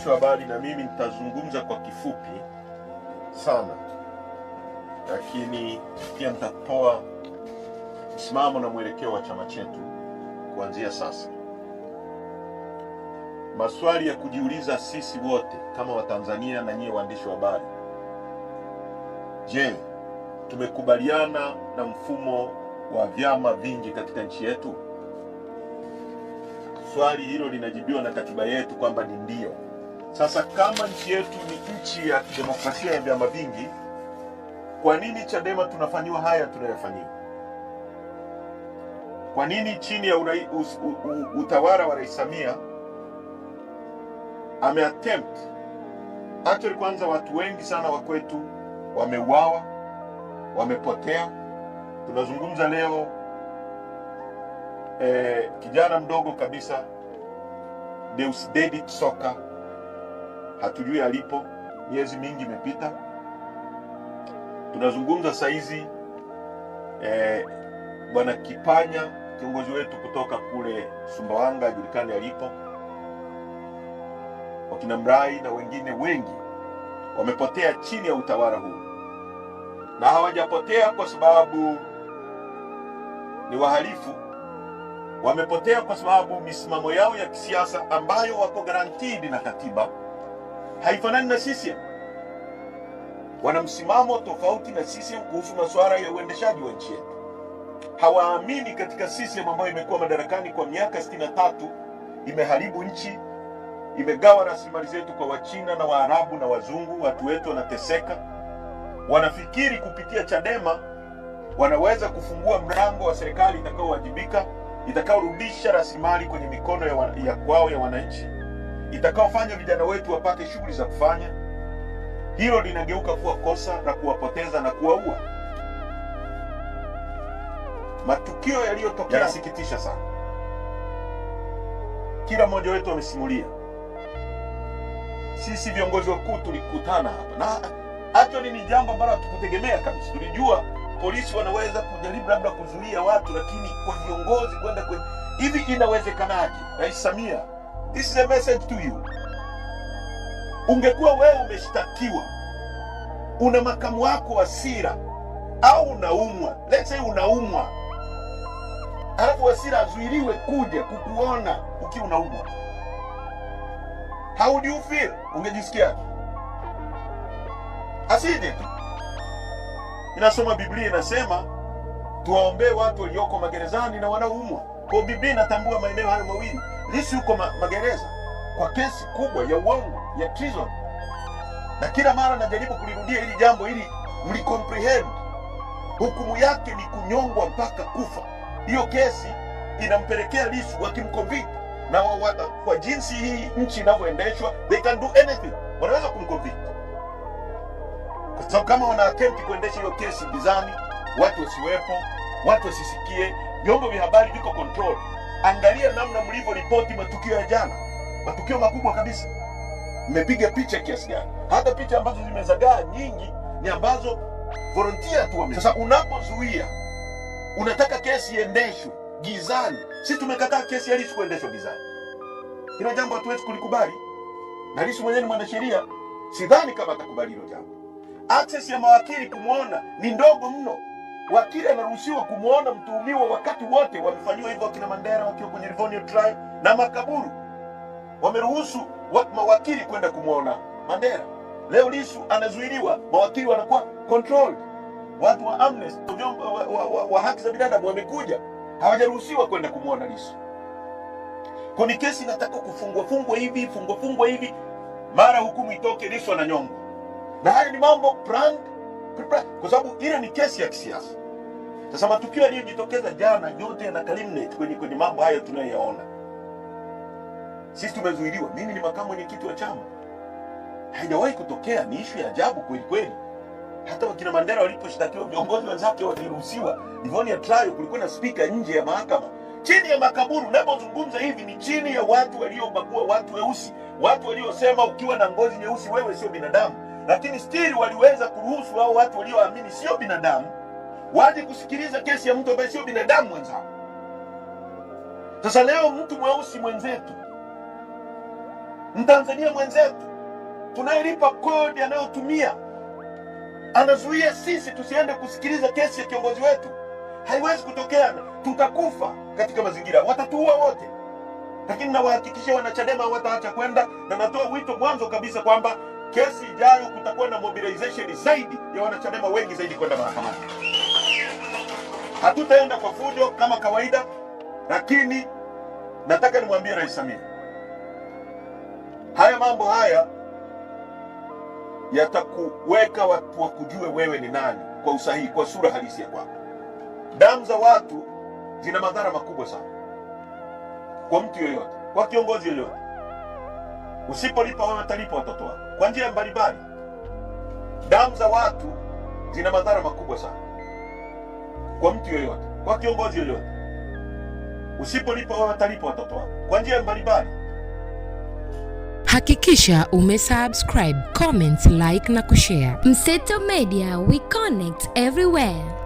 waandishi wa habari, na mimi nitazungumza kwa kifupi sana, lakini pia nitatoa msimamo na mwelekeo wa chama chetu kuanzia sasa. Maswali ya kujiuliza sisi wote kama Watanzania na nyie waandishi wa habari, je, tumekubaliana na mfumo wa vyama vingi katika nchi yetu? Swali hilo linajibiwa na katiba yetu kwamba ni ndio. Sasa kama nchi yetu ni nchi ya demokrasia ya vyama vingi, kwa nini Chadema tunafanyiwa haya tunayofanyiwa? Kwa nini chini ya unai, us, u, u, utawala wa Rais Samia ameattempt actually, kwanza watu wengi sana wa kwetu wameuawa, wamepotea. Tunazungumza leo eh, kijana mdogo kabisa Deusdedit Soka hatujui alipo. Miezi mingi imepita, tunazungumza saa hizi eh, bwana Kipanya kiongozi wetu kutoka kule Sumbawanga ajulikane alipo. Wakina Mrai na wengine wengi wamepotea chini ya utawala huu, na hawajapotea kwa sababu ni wahalifu wamepotea kwa sababu misimamo yao ya kisiasa ambayo wako guaranteed na katiba haifanani na CCM. Wana msimamo tofauti na CCM kuhusu masuala ya uendeshaji wa nchi yetu. Hawaamini katika CCM ambayo imekuwa madarakani kwa miaka 63, imeharibu nchi, imegawa rasilimali zetu kwa Wachina na Waarabu na Wazungu. Watu wetu wanateseka. Wanafikiri kupitia Chadema wanaweza kufungua mlango wa serikali itakaowajibika, itakaorudisha rasilimali kwenye mikono ya, wa, ya kwao ya wananchi itakaofanya vijana wetu wapate shughuli za kufanya, hilo linageuka kuwa kosa la kuwapoteza na kuwaua. Matukio yaliyotokea yanasikitisha sana, kila mmoja wetu amesimulia. Sisi viongozi wakuu tulikutana hapa, na actually ni jambo ambalo hatukutegemea kabisa. Tulijua polisi wanaweza kujaribu labda kuzuia watu, lakini kwa viongozi kwenda kwenye hivi inawezekanaje? Rais Samia This is a message to you. Ungekuwa wewe umeshtakiwa, una makamu wako wa au unaumwa, let's say unaumwa, alafu Wasira azuiliwe kuja kukuona ukiwa unaumwa, how do you feel? Ungejisikia? Asije tu. Inasoma Biblia inasema tuwaombee watu walioko magerezani na wanaumwa. Kwa Biblia inatambua maeneo hayo mawili. Lissu yuko ma magereza kwa kesi kubwa ya uongo ya treason, na kila mara najaribu kulirudia hili jambo ili mlicomprehend. Hukumu yake ni kunyongwa mpaka kufa. Hiyo kesi inampelekea Lissu, wakimconvict na wa, wa, kwa jinsi hii nchi inavyoendeshwa, they can do anything, wanaweza kumconvict kwa sababu so, kama wana attempt kuendesha hiyo kesi gizani, watu wasiwepo, watu wasisikie, vyombo vya habari viko control Angalia namna ripoti matukio ya jana, matukio makubwa kabisa. Mmepiga picha kiasi gani? Hata picha ambazo zimezagaa nyingi ni ambazo volunteer tu wame. Sasa unapozuia, unataka kesi iendeshwe gizani. Si tumekataa kesi ya Lissu kuendeshwa gizani? Hilo jambo hatuwezi kulikubali, na Lissu mwenyewe ni mwanasheria, sidhani kama atakubali hilo jambo. Access ya mawakili kumwona ni ndogo mno wakili anaruhusiwa kumwona mtuhumiwa wakati wote. Wamefanyiwa hivyo wakina Mandera wakiwa kwenye Rivonia trial na makaburu, wameruhusu mawakili kwenda kumwona Mandera. Leo lisu anazuiliwa, mawakili wanakuwa controlled. Watu wa Amnesty wa, wa, wa, wa, wa haki za binadamu wamekuja, hawajaruhusiwa kwenda kumwona lisu Kwani kesi inataka kufungwa fungwa hivi fungwa fungwa hivi, mara hukumu itoke, Lisu ananyongwa. Na haya ni mambo prank prepare kwa sababu ile ni kesi ya kisiasa. Sasa matukio yaliyojitokeza jana yote yana culminate kwenye kwenye mambo hayo tunayoyaona. Sisi tumezuiliwa, mimi ni makamu mwenyekiti wa chama, haijawahi kutokea. Ni ishu ya ajabu kweli kweli. Hata wakina Mandela waliposhtakiwa viongozi wenzake waliruhusiwa, Livonia trial, kulikuwa na spika nje ya mahakama chini ya makaburu. Unapozungumza hivi ni chini ya watu waliobagua watu weusi, watu waliosema ukiwa na ngozi nyeusi wewe sio binadamu lakini stili waliweza kuruhusu hao watu walioamini sio binadamu waje kusikiliza kesi ya mtu ambaye sio binadamu mwenzao. Sasa leo mtu mweusi mwenzetu, mtanzania mwenzetu tunayelipa kodi anayotumia anazuia sisi tusiende kusikiliza kesi ya kiongozi wetu. Haiwezi kutokea, tutakufa katika mazingira, watatuua wote. Lakini nawahakikishia Wanachadema hawataacha kwenda, na natoa wito mwanzo kabisa kwamba kesi ijayo kutakuwa na mobilization zaidi ya wanachadema wengi zaidi kwenda mahakamani. Hatutaenda kwa fujo kama kawaida, lakini nataka nimwambie Rais Samia haya mambo haya yatakuweka watu wakujue wewe ni nani kwa usahihi, kwa sura halisi ya kwako. Damu za watu zina madhara makubwa sana kwa mtu yoyote, kwa kiongozi yoyote. Usipolipa wewe watalipa watoto wako kwa njia mbalimbali. Damu za watu zina madhara makubwa sana kwa mtu yoyote, kwa kiongozi yoyote. Usipolipa wewe watalipa watoto wako kwa njia mbalimbali. Hakikisha umesubscribe, comment, like na kushare. Mseto Media, we connect everywhere.